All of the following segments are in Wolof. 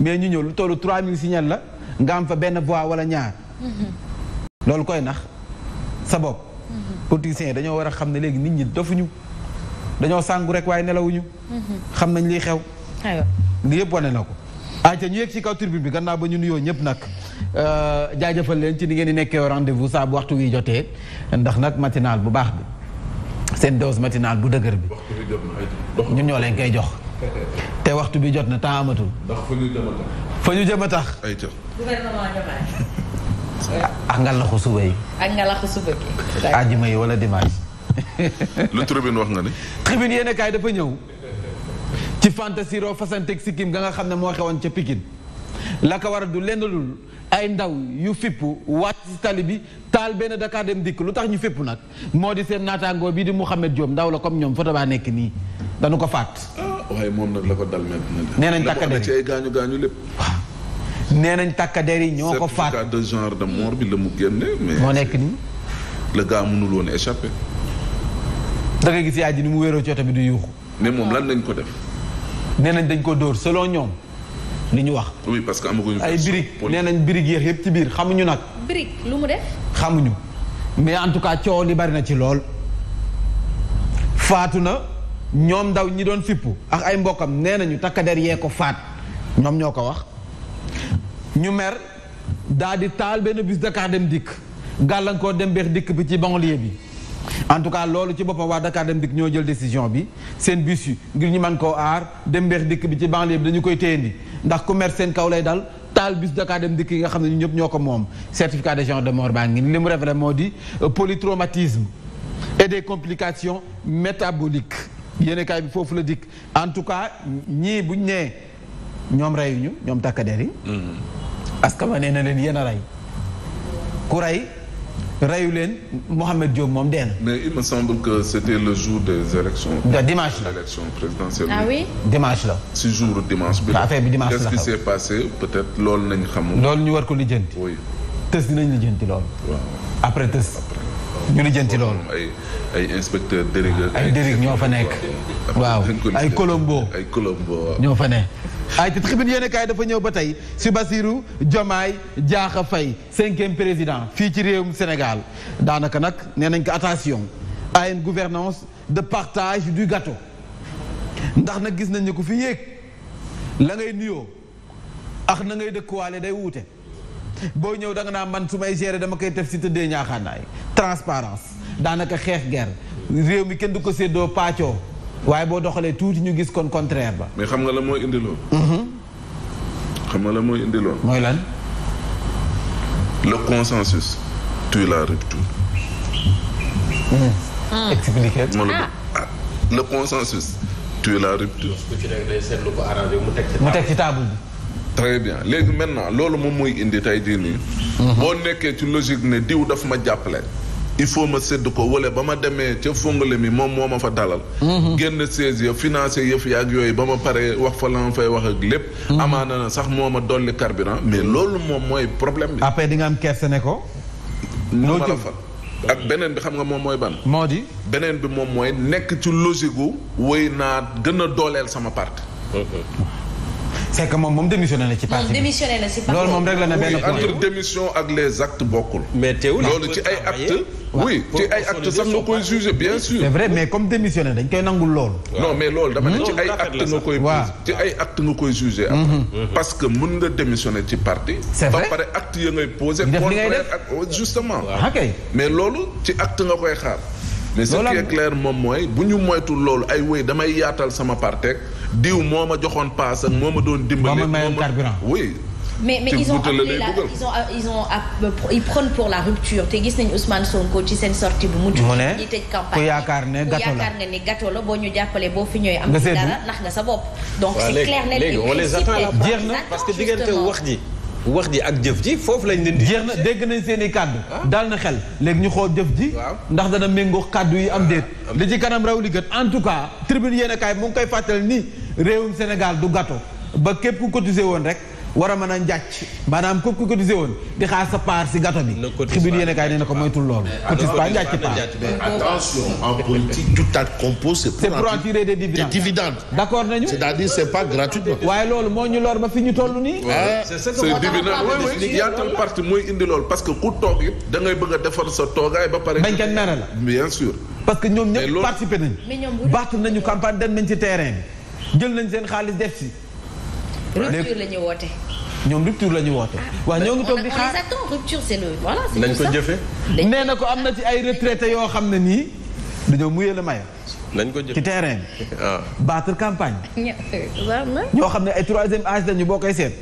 mais ñu ñëw lu tollu 3000 signal la nga am fa benn voix wala ñaar. loolu koy nax sa bopp. politiciens yi dañoo war a xam ne léegi nit ñi dofuñu dañoo sàngu rek waaye nelawuñu. xam nañ liy xew. li yëpp wane na ko. ayca ñu yegg ci kaw bi gannaaw ba ñu nuyoo ñëpp nag euh, jaajëfal leen ci ni ngeen di nekkee au rendez-vous saa bu waxtu wi jotee ndax nag matinal bu baax bi seen dose matinal bu dëgër bi. ñun ñoo leen koy jox. te waxtu bi jot na temps amatul. ndax fa ñu jëm a tax. fa ñu jëm a tax. ay ca ah, suba yi. ak ngalaxu suba gi. àjjuma yi wala dimanche. lu tribune wax nga ni. tribune yéen a dafa ñëw. ci fantasiro fasanteeg sikkim ga nga xam ne moo xewoon ca Pikine la ko war a du lenn lul ay ndaw yu fippu waat si tali bi taal benn Dakar dem dikk lu tax ñu fippu nag moo di seen naataangoo bii di Mouhamed Diop ndaw la comme ñoom foto baa nekk nii dañu ko faat. waaye la ko dal metti na. nee nañ takk na ci nee nañ takkader yi ñoo ko faat certificat de genre de mort mu mais moo nekk nii. le gars mënul woon échappé. da nga gis yaay ji ni mu wéeroo ci oto bi du yuuxu. mais moom lan lañ ko def. nee nañ dañ ko dóor selon ñoom li ñu wax. oui parce que amaguñu. ay birig nee nañ birig yéex yëpp ci biir xamuñu nag. birig lu mu def. xamuñu mais en tout cas coow li bari na ci lool faatu na. ñoom ndaw ñi doon fippu ak ay mbokkam nee nañu takk der yee ko faat ñoom ñoo ko wax ñu mer daal di taal benn bus Dakar dem dikk gàllankoor dem beex dikk bi ci banlieue bi en tout cas loolu ci boppam waa Dakar dem dikk ñoo jël décision bi seen bus yi ngir ñu mën koo aar dem beex dikk bi ci banlieue bi dañu koy téyendi ndax ku mer seen kaw lay dal taal bus Dakar dem dikk yi nga xam ne ñu ñëpp ñoo ko moom certificat de genre de mort baa ngi li mu référé moo di euh, polytraumatisme et des complications métaboliques yéenekaay bi foofu la dikk en tout cas ñii buñ nee ñoom reyuñu ñoom takkadeer yi mm-hmm. askan wa nee na leen yéen a rey ku rey reyu leen Mouhamed Diop moom dee na. mais il me semble que c'était le jour des élections. de dimanche la ah la. si jour dimanche bi. la affaire bi dimanche la qu'est-ce qui passé peut-être loolu nañ xamul. loolu ñu war ko lijjanti. oui tës dinañ lijjanti loolu. après tës. ñu lijjanti loolu. ay ay inspecteur dérigueur. ay dérig ñoo fa nekk. waaw ay colombo ay colombo ñoo fa ne. ay ci tribune yéen kaay dafa ñëw ba tey si Bassirou Diomaye Diakha fay cinquième président fii ci réewum Sénégal daanaka nag nee nañ ko attention à une gouvernance de partage du gâteau ndax na gis nañ ne ku fi yéeg la ngay nuyoo ax na ngay dëkkuwaale day wuute boo ñëw da nga naa man su may gérer dama koy def si tëddee ñaaxaanaay transparence daanaka xeex guerre réew mi kenn du ko séddoo paacoo waaye boo doxalee tuuti ñu gis kon contraire ba. mais xam nga la mooy indi mhm. xam nga la mooy indi mooy lan. le consensus tue la rupture. Mhm. Ah. expliqué. Ah. Ah, le consensus tue la rupture. mu teg ci table bi. très léegi maintenant loolu moom mooy indi tey jii nii. Mhm. boo nekkee ci logique ne diw daf ma jàppale. il faut ma sédd ko wala ba ma demee ca fongale mi moom moo ma fa dalal mhm. génn siège ya financé yëf ya ak yooyu ba ma paree wax fa la ma fay wax ak lépp mhm. amaana na sax moo ma dolli carburant mais loolu moom mooy problème bi après di nga am kersa ne ko moo ma ak beneen bi xam nga moom mooy ban moo di beneen bi moom mooy nekk ci logique wu wéy naa gën a dooleel sama parti oh, oh. c'est que moom moom démissionné na ci parti moom démissionné na ci parti loolu moom rek la ne benn point entre démission ak les actes bokkul. mais teewul loolu ci ay actes. oui ci ay actes sax nga koy jugé bien sûr. c'est vrai mais comme démissionné dañ koy nangul loolu. non mais loolu dama ne ci ay actes nga koy. ci ay actes nga koy jugé. parce que mun nga démissionné ci parti. c'est vrai ba pare actes ya ngay posé. contraire ak oh, justement. mais loolu ci acte nga koy xaar. mais ce qui est clair moom mooy bu ñu moytu loolu ay wéy damay yaatal sama parteek diw moo ma joxoon paas ak moo ma doon dimbali. moo ma carburant oui. mais mais ils ont appelé la ils ont euh, ils ont euh, ils prennent pour la rupture te gis nañu Ousmane Sonko ci seen sortie bu mujj. mu ne ku yaakaar ne gâteau la ku yaakaar boo ñu jàppalee boo fi ñëwee. am dara nax sa bopp. donc c'est clair net parce que diggante wax ji. wax ji ak jëf ji foofu lañ leen di. na dégg nañ seen i kàddu. Ah. daal na xel léegi ñu xool jëf ji. ndax dana méngoo kàddu yi am déet. Ah, li ci kanam raw li en tout cas. tribune yéen a kaay koy fàttali nii réewum Sénégal du gato ba képp cotisé woon rek war a man a njàcc maanaam képp ku cotisé woon di xaar sa part si gâteau bi. xibir yéen a kaay ko moytul loolu. cotise pas njàcc pas attention en politique tout acte compose c'est pour en tirer des moo ñu lor ba que oui oui parti mooy indi loolu que ku toog it. da ngay a defar sa toogaay ba pare. bañ kenn la bien sûr. parce que ñoom ñëpp participer nañu. baat nañu campagne dem nañ ci terrain bi jël nañ seen xaalis def si. rupture la ñu woote. ñoom rupture la ñu woote. Ah, waa ñoo ngi toog di xaar rupture c'est le nañ ko jëfe nee na ko am na ci ay retraités yoo xam ne nii dañoo muyee la mayo nañ ko jëfe ci terrain bi. Ah. battre campagne. Euh, ñoo xam ne ay troisième âge lañu boo koy seet.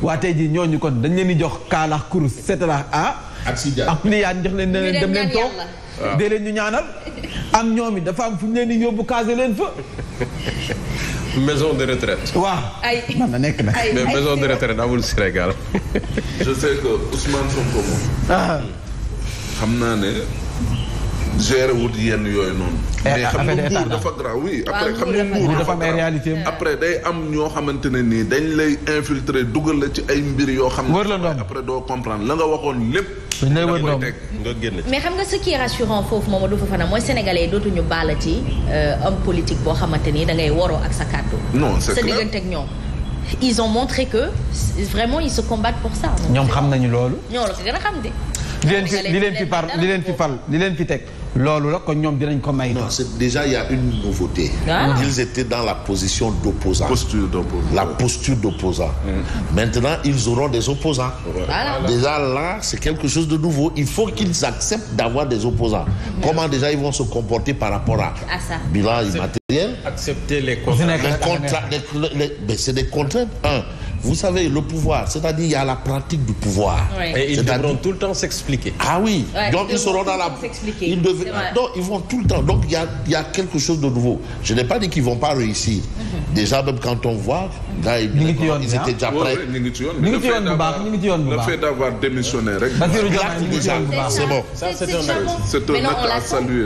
waa te jii ñooñu kon dañ leen di jox kaalax kurus setalax ah. ak si ak jox leen ne leen dem leen toog. dee leen ñu ñaanal. am ñoom it dafa am fu ñu leen di yóbbu casé leen fa. maison de retraite. waaw ay man na nekk nag. mais maison de retraite amul Sénégal. je sais que Ousmane Sonko moom. Ah. xam naa ne. gérer wut yenn yooyu noonu. Eh, mais xam nga nguur dafa grave oui après xam nga nguur dafa am réalité après day am ñoo xamante ne nii dañ lay infiltrer dugal la ci ay mbir yoo xam ne après doo la nga waxoon lépp dañ lay wër doom nga génn mais ci euh, homme politique boo xamante nii da ngay waroo ak sa kàddu non c'est clair sa diggante ak ñoom ils ont montré que vraiment ils se combattent pour ça ñoom xam nañu loolu ñoo la ko gën a xam de li leen fi li li leen fi fal li leen fi teg loolu la ñoom dinañ ko may. non c'est déjà il y ah. la position d'opposant. posture d'opposant. la mm. maintenant ils auront des opposants. Voilà. déjà là c'est quelque chose de nouveau il faut qu'ils acceptent d'avoir des opposants. comment déjà ils vont se comporter par rapport à. à ça bilan immatériel. accepter les contraintes. les contraintes les, les, les, des contraintes Vous savez, le pouvoir, c'est-à-dire il y a la pratique du pouvoir. Oui. Et ils devront tout le temps s'expliquer. Ah oui, donc ils, ils seront tout le temps. Donc il y a, quelque chose de nouveau. Je n'ai pas dit qu'ils ne vont pas mm-hmm. quand on voit, d'avoir démissionné, c'est bon. C'est un acte à saluer.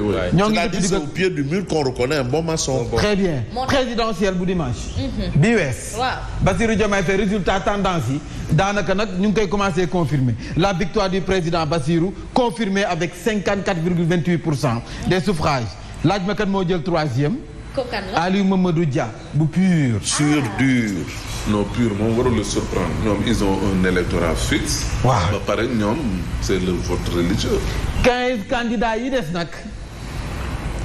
pied du mur qu'on reconnaît un bon maçon. Très bien. Présidentiel bout dimanche. Mm-hmm. Bi wees. Bassirou résultat tendance yi daanaka nag ñu ngi koy commencé confirmer la victoire du président Bassirou confirmée avec 54 virgule 28 pour cent des suffrages laaj ma kan moo jël troisième Aliou Mamadou Dia bu pur sur ah. dur non pur moom warul la surprendre ñoom ils ont un électorat fixe waaw ba pare ñoom c'est le vote religieux quinze candidats yi des nag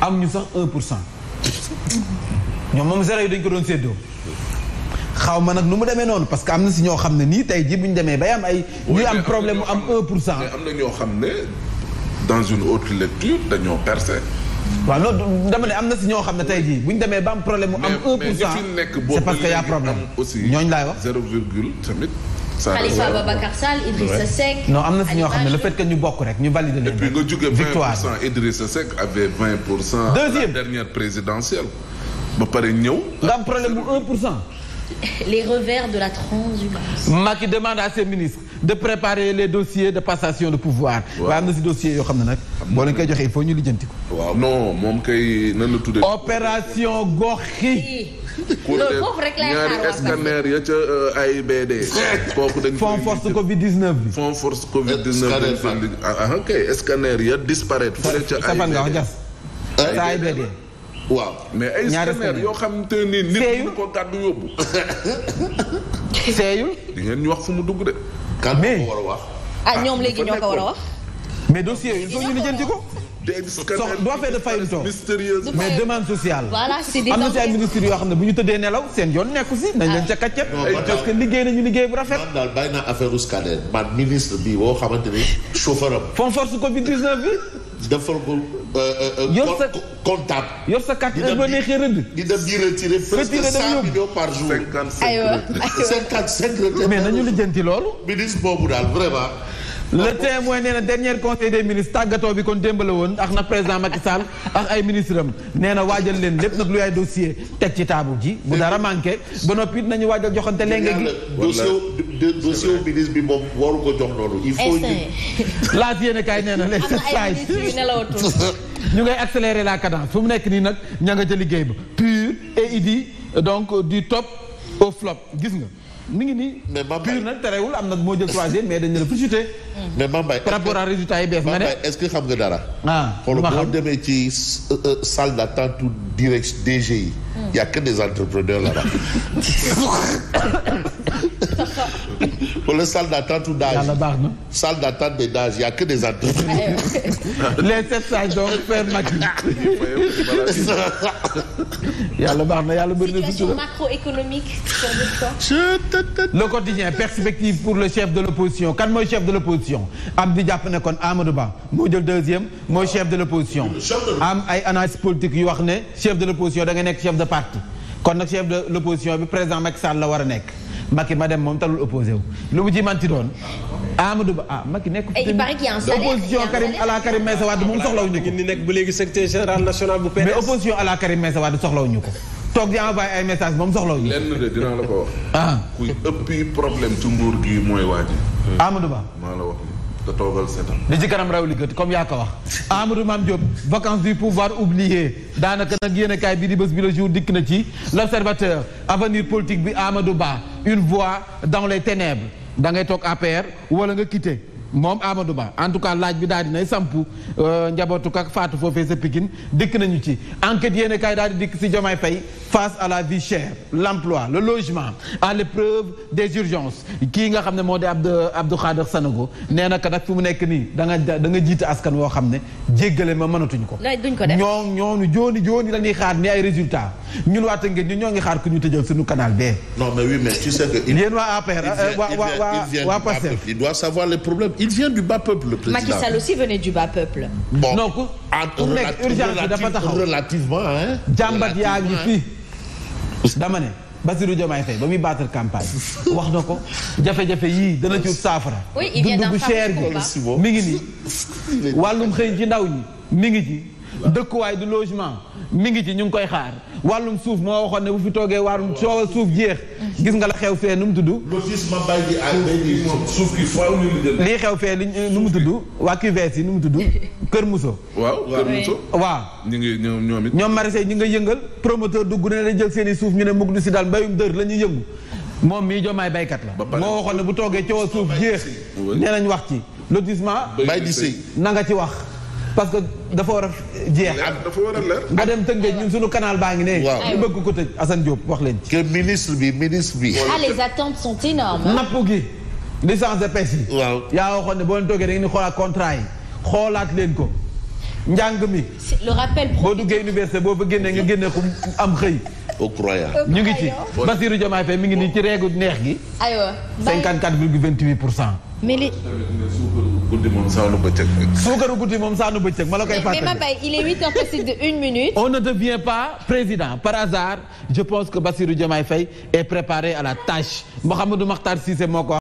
am ñu sax un pour cent ñoom moom zéro yi dañ ko doon séddoo xaw ma nag nu mu demee noonu parce que am na si ñoo xam ne nii tey jii bu ñu demee bay am ay. ñuy am problème mu am 1 pour cent. am na ñoo xam ne dans une autre lecture dañoo percer. waaw non am na si ñoo xam ne tey jii bu ñu demee ba am problème mu am. 1 pour cent c'est parce que y a problème laay wax. zéro virgule tamit. am na si ñoo xam ne le fait que ñu bokk rek ñu valider leen. victoire et puis nga jógee 20 pour cent Idrissa Seck avait 20 pour cent. deuxième la présidentielle. ba pare ñëw. nga am problème mu pour cent. les revers de la transhumance. Macky demande à ses de préparer les dossiers de passation de pouvoir. waaw am na si dossiers yoo xam ne nag. boo leen koy joxe il faut ñu lijjanti ko. waaw non moom kay nan la tuddee. opération goxi. loolu foofu rek laay xaar ya ca euh, AIBD. kooku dañ fond force Covid 19 bi. fond force Covid 19 bi. ah ok scanner ya waaw mais ay scanner yoo xam te ni nit ñu ko gàddu yóbbu. seeyul. di ñu wax fu mu dugg de. kan ko war a wax. ah, ah a wax. mais dossier yi il faut ñu lijjanti ko. doo fee de fayuto mais demande sociale am na ci ay ministres yoo xam ne bu ñu tëddee nelaw seen yoon nekku si nañ leen ah. ca kàccet liggéey nañu liggéey bu rafet man daal bàyyi naa ministre bi woo xamante ni chauffeur am force covid 19 defal ko. Euh, euh, yor sa comptable. yor sa carte ba neexee rëdd. di dem di retirer presque cent millions par jour. cinquante cinq retraités mais nañu lijjanti loolu. ministre boobu daal vraiment. le témoin nee na dernier conseil des ministre tàggatoo bi kon démb la woon ak na président Macky Sall ak ay ministre am nee na waajal leen lép nag lu ay dossier teg ci taabu ji bu dara manqué ba noppi nañu waajal joxante lenge gi dossier ministre bi moom waru ko jox noonu il faut laas yéene kaay nee na les sept ñu ngay accélérer la cadence fu mu nekk nii nag ña nga ca liggéey ba pur et donc du top au flop gis nga mi ngi ni mais Bambaye pur nag terewul am nag moo jël troisième mais dañu la rechuté. mais Bambaye par rapport à résultat yi beef nga ne. est-ce que xam nga dara. ah xool boo ci salle d'attente direct DG yi. y a que des entrepreneurs là-bas. wala salle d'attente ou d'âge. yàlla baax na salle d'attente mais d'âge y' a que des attentes. Eh les sept sages doivent faire baax na yàlla bëri na. situation macroéconomique sur le quotidien perspective pour le chef de l'opposition kan mooy chef de l'opposition am di jàpp ne kon Amadou Ba moo deuxième mooy chef de l'opposition am ay analyse politique yu wax ne chef de l'opposition da nga nekk chef de parti kon nag chef de l'opposition bi président Macky Sall la war a nekk. Macky ma dem moom talul opposé wu lu mu ci manti doon Amadou Ba ah Macky nekk fi eh, opposition Karim à la Karim Meïssa Wade moom soxlawuñu ko. ni nekk ba léegi secrétaire général national bu PDS. ko toog di envoyé ay message moom soxlawuñu ko. ko ah kuy ëppi problème ci nguur gi mooy waa ji. Amadou Ba maa te toogal seetaan. li ci kanam raw comme yaa ko wax. Amadou Mame Diop vacances du pouvoir oublié daanaka nag yéen a kaay bi di bés bi le jour dikk na ci l' observateur avenir politique bi Amadou Ba une voix dans les ténèbres da ngay toog APR wala nga quitté. moom Amadou Ba en tout cas laaj bi daal dinay sampu euh, njabootu kak faatu foofee sa Pikine dikk nañu ci enquête yéen kaay daal di dikk si Diomaye Faye face à la vie chère l'emploi le logement à l'épreuve des urgences kii nga xam ne moo di Abdou Abdou Khader Sanogo nee na kat nag fu mu nekk nii da nga da nga jiite askan woo xam ne jéggale ma mënatuñ ko ñoo ñoonu jooni jooni la ñuy xaar ni ay résultats ñun waa Tëngéej ñu ñoo ngi xaar ku ñu tëjal suñu canal bee. non mais oui mais tu sais que. yéen waa APR euh, waa waa waa Pastef. il doit savoir les problèmes il vient du bas peuple le président. Macky Sall du bas peuple. bon non ku ku nekk dafa taxaw jàmbat yaa ngi fii dama ne. Bassirou Diomaye Faye ba muy battre campagne wax na ko jafe-jafe yii dana ci saafara. oui il vient bu cher gi mi ngi nii wàllum xëy ci ndaw ñi mi ngi ci dëkkuwaay du logement. mi ngi ci ñu ngi koy xaar wàllum suuf moo waxoon ne bu fi toogee waarum coowal suuf jeex. gis nga la xew fee nu mu tudd. lotissement bay bi lii xew fee li nu mu tudd waa QVS yi nu mu tudd Kër Moussa. waaw Kër Moussa. waaw ñu ngi ñoom ñoom it. ñoom maraîchers ñi nga yëngal promoteur dugg na la jël seen i suuf ñu ne mukk du si daal mbayum dër la ñuy yëngu moom mii jomaay baykat la. moo waxoon ne bu toogee coowal suuf jeex. nee nañ wax ci lotissement. bay di sëy na nga ci wax. parce que dafa war a jeex. dafa war a leer nga dem tënkee ñun suñu canal baa ngi ne. waaw ñu bëgg ko tëj Assane Diop wax leen ci. que ministre bi ministre bi. ah les attentes sont énormes. napp gi licence de pêche yi. waaw yaa waxoon ne boo leen toogee da ngeen di xoolaat contrat yi xoolaat leen ko. njàng mi. le rappel boo duggee université boo fa génnee nga génnee ko am xëy. au croyant ñu ngi ci. Bassirou Diomaye Faye mi ngi nii ci réegu neex gi. aywa 54,28 pour cent. guddi moom saanu bëccëg. suukaru guddi moom saanu bëccëg ma la koy fàttali. mais ma bay il est huit heures passées de une minute. on ne devient pas président par hasard je pense que Bassirou Diomaye Faye est préparé à la tâche Mouhamadou Makhtar Cissé moo ko